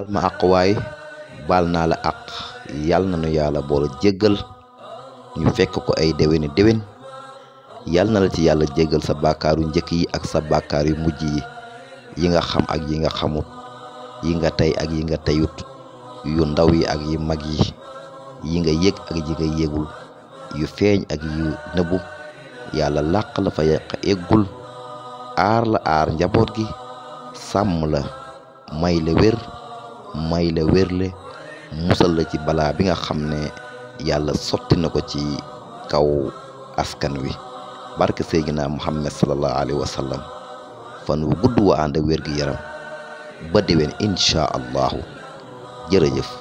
baal ma àq waay baal naa la àq yàlla na nu yàlla boole jéggal ñu fekk ko ay déwéni déwén yàlla na la ci yàlla jéggal sa bàkkaar njëkk yi ak sa bàkkaar yu mujj yi yi nga xam ak yi nga xamut yi nga tey ak yi nga teyut yu ndaw yi ak yu mag yi yi nga yëg ak yi nga yëgul yu feeñ ak yu nëbbu yàlla làq la fa yàq eggul aar la aar njaboot gi sàmm la may la wér may la wérle musal la ci balaa bi nga xam ne yàlla sotti na ko ci kaw askan wi barke sayyidina Muhammad sallallahu alayhi wa sallam fan wu gudd wa ànd ak wér gi yaram ba déwén incha allahu jërëjëf